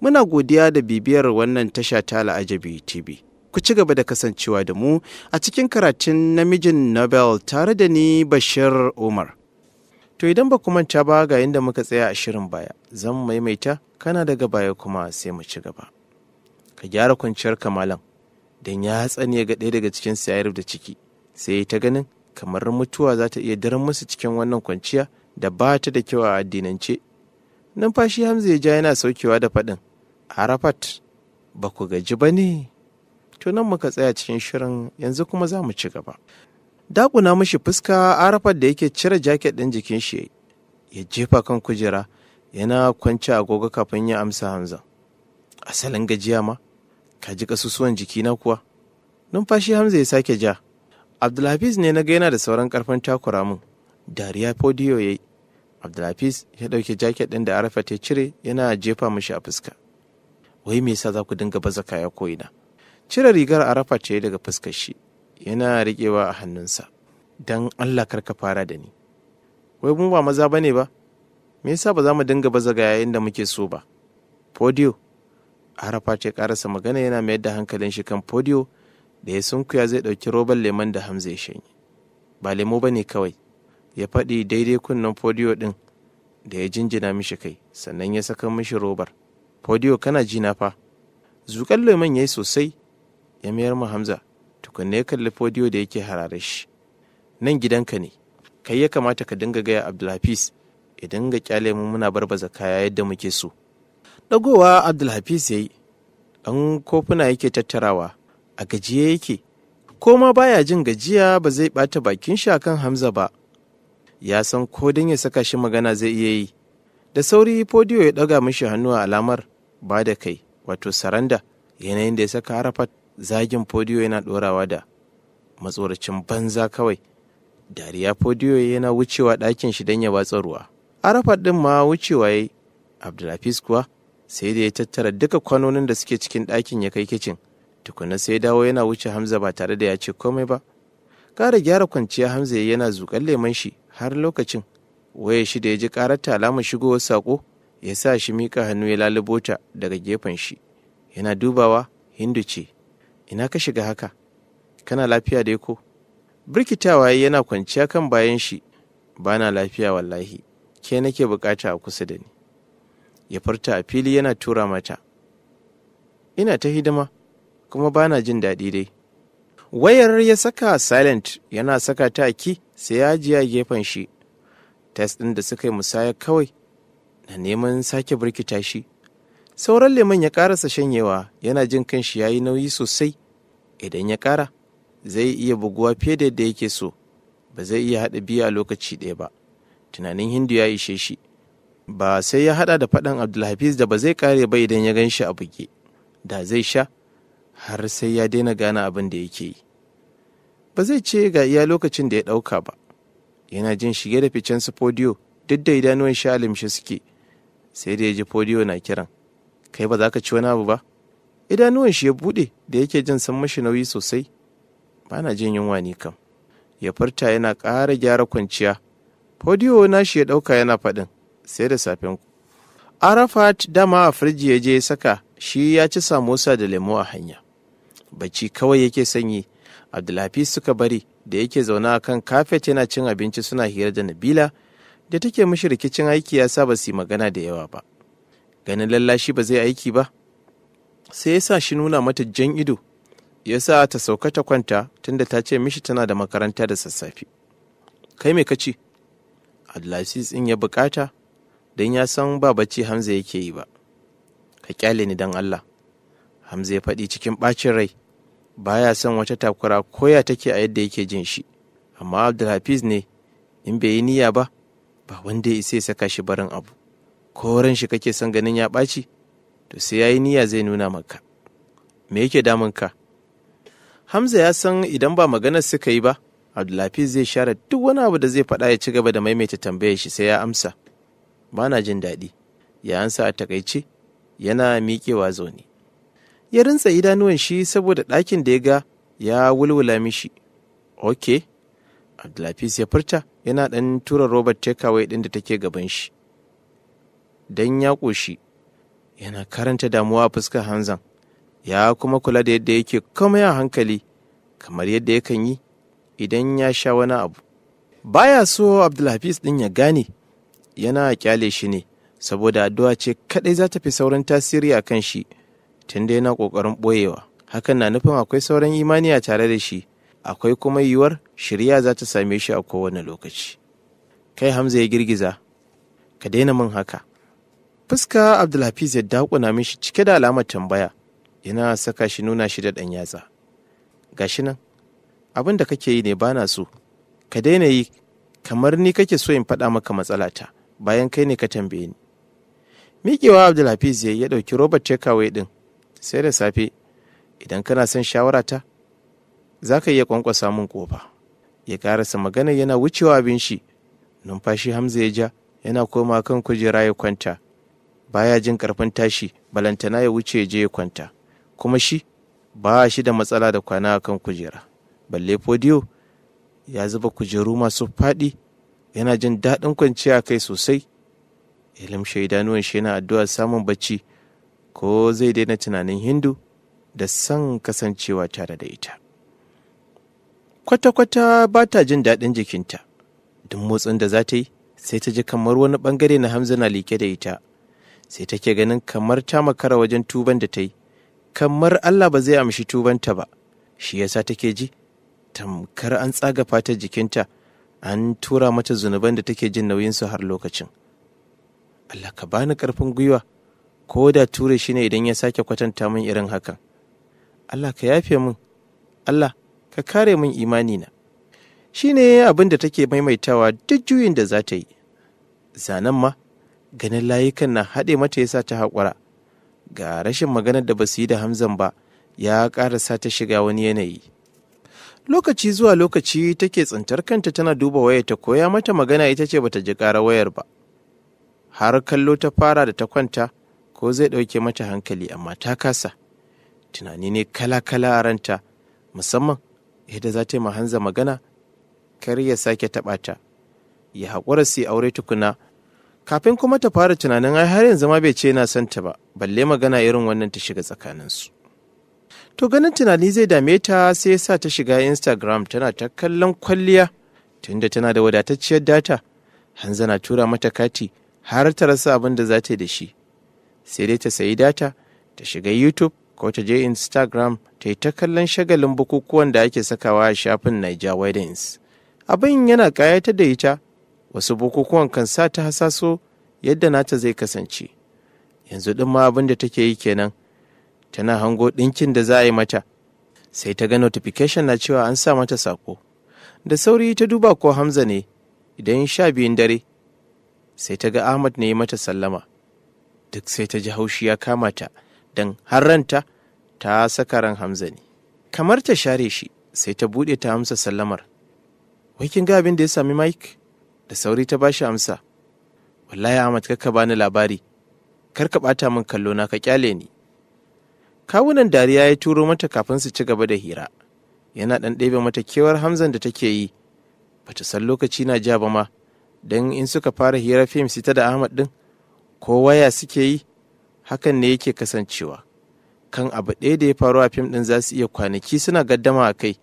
Muna godiya da bibiyar wannan tasha ta Al'ajabi TV. Ku ci gaba da kasancewa da mu a cikin karatun namijin Nobel tare da ni Bashir Umar. To idan ba manta ba ga inda muka tsaya a shirin baya, zan maimaita kana daga baya kuma sai mu ci gaba. Ka gyara kwanciyar kamalan, don ya tsaniya ga ɗaya daga cikin sayar da ciki, sai ta ganin kamar mutuwa za ta iya daren musu cikin wannan kwanciya da ba ta da kyau a addinance. Numfashi Hamza ya ja yana saukewa da faɗin, Arafat ba ku gaji ba ne? Tunan muka tsaya cikin shirin yanzu kuma za mu ci gaba. Daƙuna mashi fuska Arafat da yake cire jaket ɗin jikin shi ya jefa kan kujera yana kwanci agogo kafin ya amsa Hamza. Asalin gajiya ma, ka ji kasusuwan na kuwa. Numfashi Hamza ya sake ja. Abdulhafiz ne na ga yana da sauran ƙarfin takura mun. Dariya podiyo ya yi. Abdulhafiz ya ɗauki jaket ɗin da Arafat ya cire yana jefa mashi a fuska. wai me yasa za ku dinga baza kaya ko ina cire rigar arafa ce daga fuskar shi yana riƙewa a hannunsa don allah kar ka fara da ni wai mu ba maza bane ba me yasa ba za mu dinga baza ga yayin da muke so ba podio arafa ce karasa magana yana mayar da hankalin shi kan podio da ya sunkuya zai ɗauki robar lemon da hamza ya shanye ba lemo ba ne kawai ya faɗi daidai kunnen podio ɗin da ya jinjina mishi kai sannan ya saka mishi robar Podio kana ji na fa. zukan lemon ya yi sosai ya mayar mu Hamza tukunna ya kalli Fodiyo da yake harare shi. Nan gidanka ne, kai ya kamata ka dinga gaya Abdulhafiz idan ga kyale mu muna barbaza kaya yadda muke so. Ɗagowa Abdulhafiz ya yi, ɗan kofuna yake tattarawa, a gajiye yake, ko ma baya jin gajiya ba zai ɓata bakin shi akan Hamza ba. Ya san ko don ya saka shi magana zai iya yi. Da sauri Fodiyo ya ɗaga mishi hannu a alamar. ba da kai wato saranda yanayin da ya saka harafat zagin fodiyo yana ɗorawa da matsoracin banza kawai dariya fodiyo yana wucewa ɗakin shi don ya watsa ruwa arafat ɗin ma wucewa ya yi. abdulhafiz kuwa sai da ya tattara duka kwanonin da suke cikin ɗakin ya kai kicin tukuna sai dawo yana wuce hamza ba tare da ya ce komai ba ƙara gyara kwanciya hamza yana zuƙar leman shi har lokacin waya shi da ya ji ƙarar ta alamar shigowar saƙo ya sa shi miƙa hannu ya lalubo ta daga gefen shi yana dubawa hindu ce ina ka shiga haka kana lafiya dai ko birkitawa yana kwanciya kan bayan shi Bana lafiya wallahi ke nake bukata a kusa da ni ya furta a fili yana tura mata ina ta hidima kuma ba na jin daɗi dai wayar ya saka silent yana saka ta a ki sai ya ajiye gefen shi test ɗin da suka yi musaya kawai na neman sake birkita shi sauran lemon ya karasa shanyewa yana jin kan shi ya yi nauyi sosai idan ya kara zai iya buguwa fiye da yadda yake so ba zai iya haɗa biyu a lokaci ɗaya ba tunanin hindu ya ishe shi ba sai ya haɗa da faɗan abdulhafiz da ba zai kare ba idan ya gan shi a buge da zai sha har sai ya daina gane abin da yake yi ba zai ce ga iya lokacin da ya ɗauka ba yana jin shige da ficen su fodiyo duk da idanuwan sha suke sai da ya ji fodiyo na kiran kai ba za ka ci wani abu ba idanuwan shi ya bude da yake jin san mashi nauyi sosai ba na jin yunwa ni kam ya furta yana ƙara gyara kwanciya fodiyo na shi ya ɗauka yana faɗin sai da safen ku arafat dama a firji ya je ya saka shi ya ci samosa da lemo a hanya bacci kawai yake sanyi abdulhafi suka bari da yake zaune a kan kafet yana cin abinci suna hira da nabila da take mishi rikicin aiki ya sa ba su magana da yawa ba ganin lallashi ba zai aiki ba sai ya sa shi nuna mata jan ido ya sa ta sauka ta kwanta tunda ta ce mishi tana da makaranta da sassafe kai me kace abdulaziz in ya bukata don ya san ba bacci hamza yake yi ba ka kyale ni don allah hamza ya faɗi cikin ɓacin rai baya son wata takura koya take a yadda yake jin shi amma abdulhafiz ne in bai yi niyya ba ba wanda ya isa ya saka shi barin abu ko ran shi kake son ganin ya ɓaci to sai yayi niyya zai nuna maka me yake damun ka Hamza ya san idan ba maganar suka yi ba abdulafi zai share duk wani abu da zai faɗa ya ci gaba da maimaita tambayar shi sai ya amsa Bana jin daɗi ya ansa a takaice yana miƙewa zaune ya rintsa idanuwan shi saboda ɗakin da ya ga ya wulwula mishi ok Abdulhafiz ya furta yana ɗan tura robar Tekawai ɗin da take gaban shi. Dan ya ƙoshi yana karanta damuwa a fuskar Hanzan ya kuma kula da yadda yake komai a hankali kamar yadda ya kan yi idan ya sha wani abu. Baya so Abdulhafiz ɗin ya gane yana kyale shi ne saboda addu'a ce kaɗai za ta fi sauran tasiri a kan shi tunda yana ƙoƙarin ɓoyewa. Hakan na nufin akwai sauran imani a tare da shi. akwai kuma yiwuwar shirya za ta same shi a kowane lokaci kai hamza ya girgiza ka daina min haka fuska abdulhafiz ya dakuna mishi cike da alamar tambaya yana saka shi nuna shi da ɗan yatsa gashi nan abin da kake yi ne bana so ka daina yi kamar ni kake so in faɗa maka matsalata bayan kai ne ka tambaye ni miƙewa abdulhafiz ya ɗauki robar takeaway ɗin sai da safe idan kana son shawarata za ka iya kwankwasa min kofa ya karasa magana yana wucewa abin shi numfashi hamza ya ja yana koma kan kujera ya kwanta baya jin karfin tashi balantana ya wuce je ya kwanta kuma shi ba shi da matsala da kwana a kan kujera balle podiyo ya zuba kujeru masu faɗi yana jin daɗin kwanciya kai sosai ilim shaidanuwan shi yana addu'a samun bacci ko zai daina tunanin hindu da son kasancewa tare da ita kwata-kwata ba ta jin daɗin jikinta duk motsin da za ta yi sai ta ji kamar wani ɓangare na hamza na liƙe da ita sai take ganin kamar ta makara wajen tuban da ta yi kamar allah ba zai amshi tubanta ba shi yasa take ji tamkar an tsaga fatar jikinta an tura mata zunuban da take jin nauyinsu har lokacin allah ka bani ƙarfin gwiwa ko da ture shi ne idan ya sake kwatanta min irin hakan allah ka yafe min allah ka kare min na. shi ne abin da take maimaitawa duk juyin da za ta yi zanen ma ganin layukan na haɗe mata ya sa ta haƙura ga rashin maganar da ba su yi da hamzan ba ya ƙara sa ta shiga wani yanayi lokaci zuwa lokaci take tsintar kanta tana duba wayar ta koya mata magana ita ce bata ji ƙara wayar ba har kallo ta fara da ta kwanta ko zai ɗauke mata hankali amma ta kasa tunani ne kala-kala a ranta musamman yadda za ta yi hanza magana kar ya sake taɓa ta ya haƙura su aure tukuna kafin kuma ta fara tunanin ai har yanzu ma bai ce yana son ta ba balle magana irin wannan ta shiga tsakaninsu to ganin tunani zai dame ta sai ya sa ta shiga instagram tana ta kallon kwalliya tunda tana da wadatacciyar data hanza na tura mata kati har ta rasa abin da za ta yi da shi sai dai ta sayi data ta shiga youtube ko ta je instagram ta yi ta kallon shagalin bukukuwan da ake sakawa a shafin Niger weddings abin yana ƙayata da ita wasu bukukuwan kan sa ta hasaso yadda nata zai kasance yanzu ɗin ma abin da take yi kenan tana hango ɗinkin da za a yi mata sai ta ga notification na cewa an sa mata sako da sauri ta duba ko hamza ne idan sha biyun dare sai ta ga ahmad ne mata sallama duk sai ta ji haushi ya kama ta don har ranta ta saka ran Hamza ne. Kamar ta share shi sai ta buɗe ta amsa sallamar. Wai kin ga abin da ya sami Mike? Da sauri ta bashi amsa. Wallahi Ahmad ka bani labari. Kar ka ɓata min kallo na ka kyale ni. Kawunan dariya ya turo mata kafin su ci gaba da hira. Yana ɗan ɗebe mata kewar Hamzan da take yi. Bata san lokaci na ja ba ma. Don in suka fara hira fim sita da Ahmad ɗin, ko waya suke yi hakan ne yake kasancewa kan abu ɗaya da ya faru a fim ɗin za su iya kwanaki suna gaddama a kai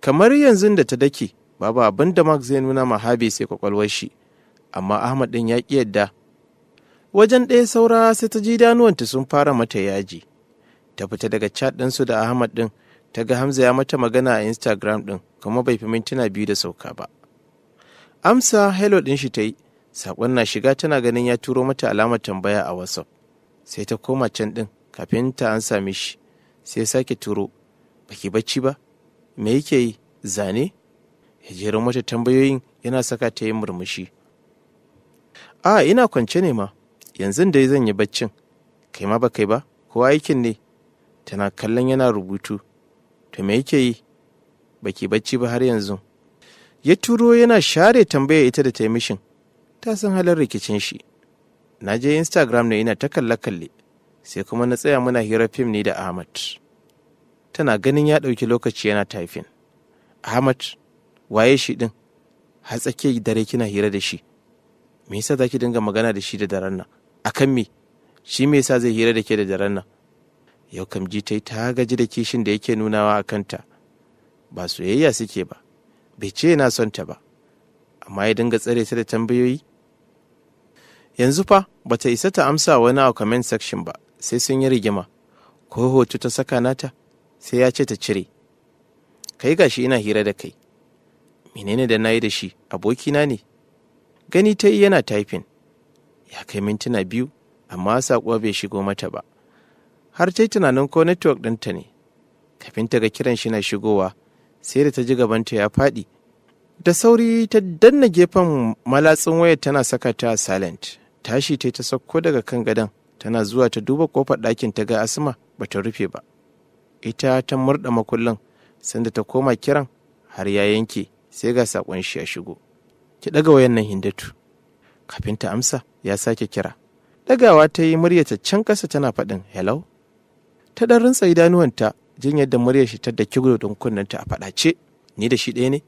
kamar yanzu da ta dake babu abin da mark zai nuna ma habe sai kwakwalwar shi amma ahmad ɗin ya ƙi yadda wajen ɗaya saura sai ta ji danuwanta sun fara mata yaji ta fita daga chat su da ahmad ɗin ta ga hamza ya mata magana a instagram ɗin kuma bai fi mintuna biyu da sauka ba amsa hello ɗin shi ta yi saƙon na shiga tana ganin ya turo mata alamar tambaya a whatsapp sai ta koma can ɗin kafin ta an same shi sai sake turo baki bacci ba me yake yi zane ya jera mata tambayoyin yana saka ta yi murmushi a ina kwance ne ma yanzu da zan yi baccin kai ma ba kai ba ko aikin ne tana kallon yana rubutu to me yake yi baki bacci ba har yanzu ya turo yana share tambaya ita da ta mishin ta san halar rikicin shi na je instagram ne ina ta kalle-kalle sai kuma na tsaya muna hira fim ne da ahmad tana ganin ya ɗauki lokaci yana taifin ahmad waye shi ɗin har dare kina hira da shi me yasa za ki dinga magana da shi da daren nan akan me shi me yasa zai hira da ke da daren nan yau kam ji ta ta gaji da kishin da yake nunawa a kanta ba soyayya suke ba bai ce yana son ta ba amma ya dinga tsare ta da tambayoyi yanzu fa bata isa ta amsa wani a comment section ba sai sun yi rigima ko hoto ta saka nata sai ya ce ta cire kai gashi ina hira da kai menene da nayi da shi abokina ne gani ta yi yana typing ya kai mintuna biyu amma saƙo bai shigo mata ba har ta yi tunanin ko network ɗinta ne kafin ta ga kiran shi na shigowa sai da ta ji gaban ta ya faɗi da sauri ta danna gefen malatsin waya tana saka ta silent tashi ta yi ta sauko daga kan gadon tana zuwa ta duba kofar ɗakin ta ga asma ba ta rufe ba ita ta murɗa makullin sanda ta koma kiran har ya yanke sai ga saƙon shi ya shigo ki ɗaga wayan nan hindatu kafin ta amsa ya sake kira ɗagawa ta yi ta can ƙasa tana faɗin hello ta ɗan rintsa idanuwanta jin yadda muryar shi ta daki gudun kunnenta a faɗace ni da shi ɗaya ne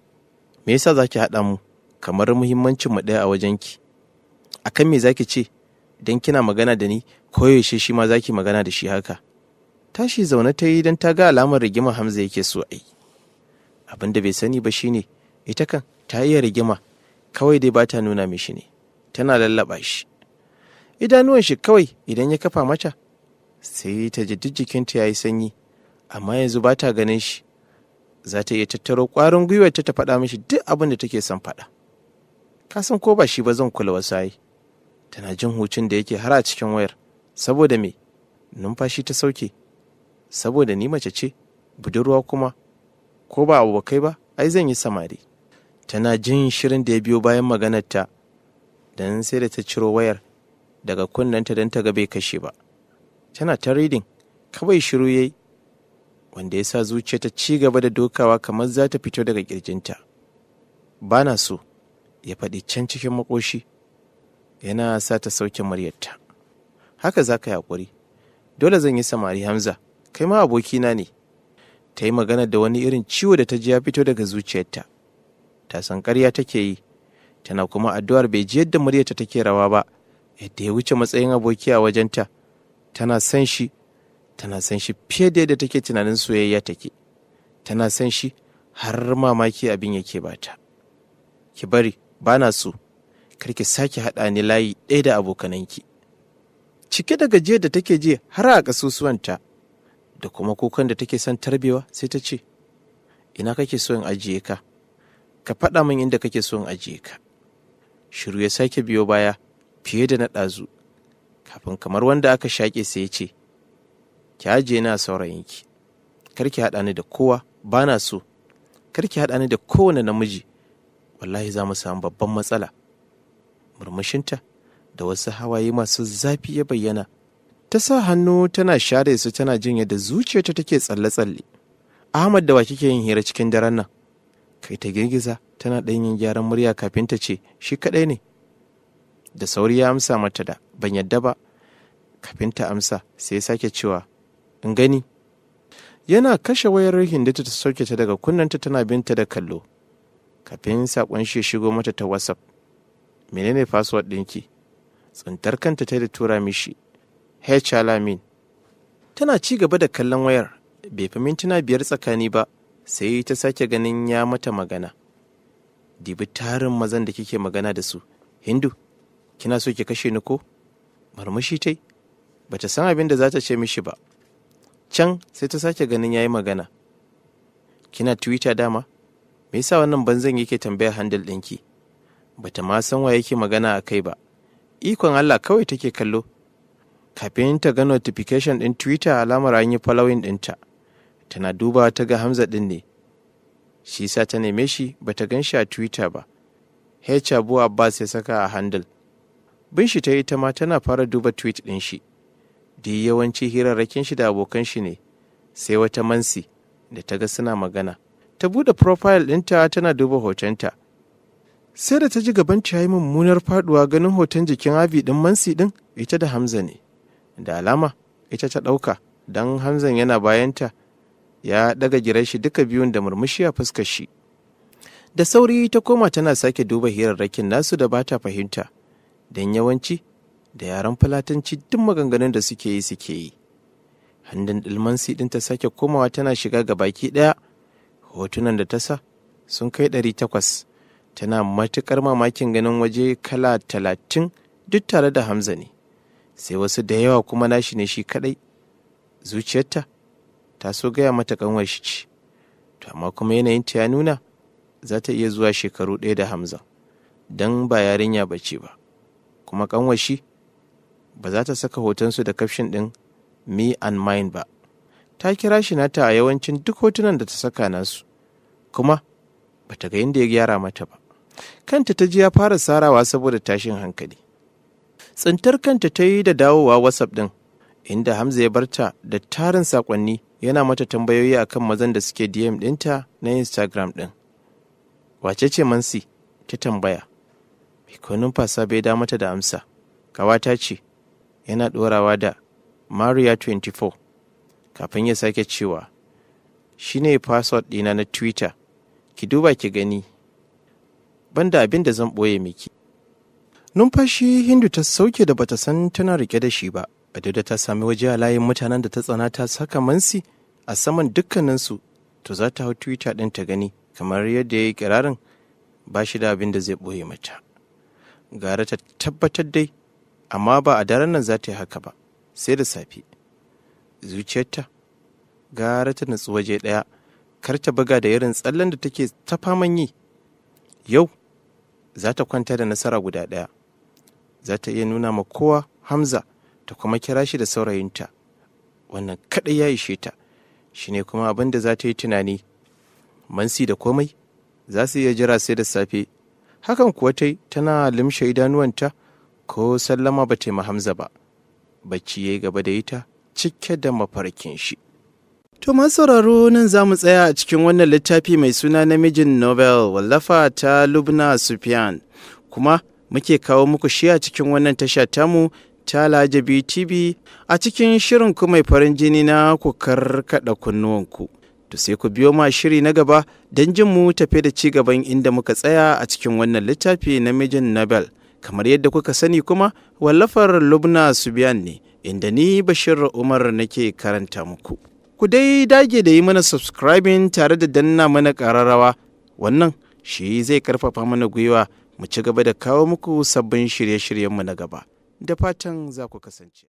me yasa zaki haɗa mu kamar muhimmancin mu ɗaya a wajenki a kan me zaki ce don kina magana da ni ko yaushe shi ma zaki magana da shi haka tashi zaune ta yi don ta ga alamar rigima hamza yake so a yi abin da bai sani ba shine ita kan ta iya rigima kawai dai ba ta nuna mishi ne tana lallaba shi idanuwan shi kawai idan ya kafa mata sai ta ji duk jikinta ya yi sanyi amma yanzu ba ta ganin shi za ta iya tattaro ƙwarin gwiwar ta ta faɗa mishi duk abin da take son faɗa ka san ko ba shi ba zan kula wasu ai tana jin hucin da yake har a cikin wayar saboda me numfashi ta sauke saboda ni mace ce budurwa kuma ko ba abokai ba ai zan yi samari tana jin shirin da ya biyo bayan maganarta don sai da ta ciro wayar daga kunnanta don ta ga bai kashe ba tana ta reading kawai shiru yayi wanda ya sa zuciya ta ci gaba da dokawa kamar za ta fito daga kirjinta Bana so ya faɗi can cikin makoshi yana sa ta sauke muryarta haka za ka yi dole zan yi samari hamza kai ma abokina ne ta yi magana da wani irin ciwo da ta ji ya fito daga zuciyarta ta san ƙarya take yi tana kuma addu'ar bai ji yadda muryarta take rawa ba yadda ya wuce matsayin aboki a wajenta tana san shi tana san shi fiye da yadda take tunanin soyayya take tana san shi har mamaki abin yake bata ki bari bana so karki sake haɗa ni layi ɗaya da abokananki cike da gajiyar da take ji har a ƙasusuwanta da kuma kukan da take son tarbewa sai ta ce ina kake so in ajiye ka ka faɗa min inda kake so in ajiye ka shiru ya sake biyo baya fiye da na ɗazu kafin kamar wanda aka shaƙe sai ya ce ki ajiye na saurayinki karki haɗa ni da kowa ba na so karki haɗa ni da kowane namiji wallahi za mu samu babban matsala murmushinta da wasu hawaye masu zafi ya bayyana ta sa hannu tana share su tana jin yadda zuciyarta take tsalle-tsalle ahmad da wa kike yin hira cikin daren nan kai ta girgiza tana ɗan yin gyaran murya kafin ta ce shi kaɗai ne da sauri ya amsa mata da ban yadda ba kafin ta amsa sai ya sake cewa in gani yana kashe wayar hindita ta sauke ta daga kunnanta tana binta da kallo kafin saƙon shi shigo mata ta whatsapp menene password ɗinki tsintar kanta ta da tura mishi halamin tana ci gaba da kallon wayar bai fi mintuna biyar tsakani ba sai ta sake ganin ya mata magana dibi tarin mazan da kike magana da su hindu kina so ki kashe ni ko marmashi tai bata san abin da za ta ce mishi ba can sai ta sake ganin yayi magana kina twitter dama me yasa wannan banzan yake tambayar handle ɗinki bata ma san wa yake magana a kai ba ikon allah kawai take kallo kafin ta ga notification ɗin twitter alamar an yi following ɗinta tana duba ta ga hamza ɗin ne shi sa ta neme shi bata gan shi a twitter ba h bu abbas ya saka a handle bin shi ta yi ma tana fara duba tweet ɗin shi da yawanci hirarrakin shi da abokan shi ne sai wata mansi da ta ga suna magana ta buɗe profile ɗinta tana duba hotonta sai da ta ji gaban ta yi mummunar faduwa ganin hoton jikin abi din mansi din ita da hamza ne da alama ita ta ɗauka don hamzan yana bayanta ya daga girar shi duka biyun da murmushi a fuskar shi da sauri ta koma tana sake duba hirarrakin nasu da bata fahimta don yawanci da yaran fulatanci duk maganganun da suke yi suke yi hannun ɗilmansi din ta sake komawa tana shiga ga baki ɗaya hotunan da ta sa sun kai ɗari takwas tana matuƙar mamakin ganin waje kala talatin duk tare da hamza ne sai wasu da yawa kuma nashi ne shi kaɗai zuciyarta ta so gaya mata kanwar shi ce to amma kuma yanayinta ya nuna za ta iya zuwa shekaru ɗaya da hamza don ba yarinya bace ba kuma kanwar shi ba za ta saka hotonsu da kafshin ɗin me and mine ba ta kira shi nata a yawancin duk hotunan da ta saka nasu kuma ba ta ga inda ya gyara mata ba kanta ta ji ya fara sarawa saboda tashin hankali tsintar kanta ta yi da dawowa whatsapp din inda hamza ya barta da tarin sakonni yana mata tambayoyi a kan mazan da suke dm dinta na instagram din wace ce mansi ta tambaya mai fasa bai da mata da amsa kawata ce yana ɗorawa da maria 24 kafin ya sake cewa shine password ɗina na twitter ki duba ki gani banda abin da zan ɓoye miki. Numfashi Hindu ta sauke da bata san tana rike da shi ba, a da ta sami waje a layin mutanen da ta tsana ta saka mansi a saman dukkaninsu to za ta hau Twitter ɗin ta gani kamar yadda ya yi kirarin ba shi da abin da zai ɓoye mata. Gara ta tabbatar dai, amma ba a daren nan za ta yi haka ba, sai da safe. Zuciyarta, gara ta natsu waje ɗaya, kar ta buga da irin tsallen da take ta faman yi. Yau, za ta kwanta da nasara guda ɗaya za ta iya nuna ma kowa hamza ta kuma kira shi da saurayinta wannan kaɗai ya ishe ta Shi ne kuma abin da za ta yi tunani mansi da komai za su iya jira sai da safe hakan kuwa ta tana limshe idanuwanta ko sallama ba ta yi hamza ba bacci ya yi gaba da ita cike da mafarkin shi To sauraro nan za mu tsaya a cikin wannan littafi mai suna namijin Nobel wallafa ta Lubna Sufyan. Kuma muke kawo muku shi a cikin wannan tasha tamu ta Lajabi TV a cikin shirin ku mai farin jini na ku karkada kunnuwanku. To sai ku biyo ma shiri na gaba don jin mu tafe da ci gaban inda muka tsaya a cikin wannan littafi namijin Nobel. Kamar yadda kuka sani kuma wallafar Lubna Subiyan ne inda ni Bashir Umar nake karanta muku. ku dai dage da yi mana subscribing tare da danna mana ƙararrawa wannan shi zai karfafa mana gwiwa mu ci gaba da kawo muku sabbin shirye-shiryenmu na gaba da fatan za ku kasance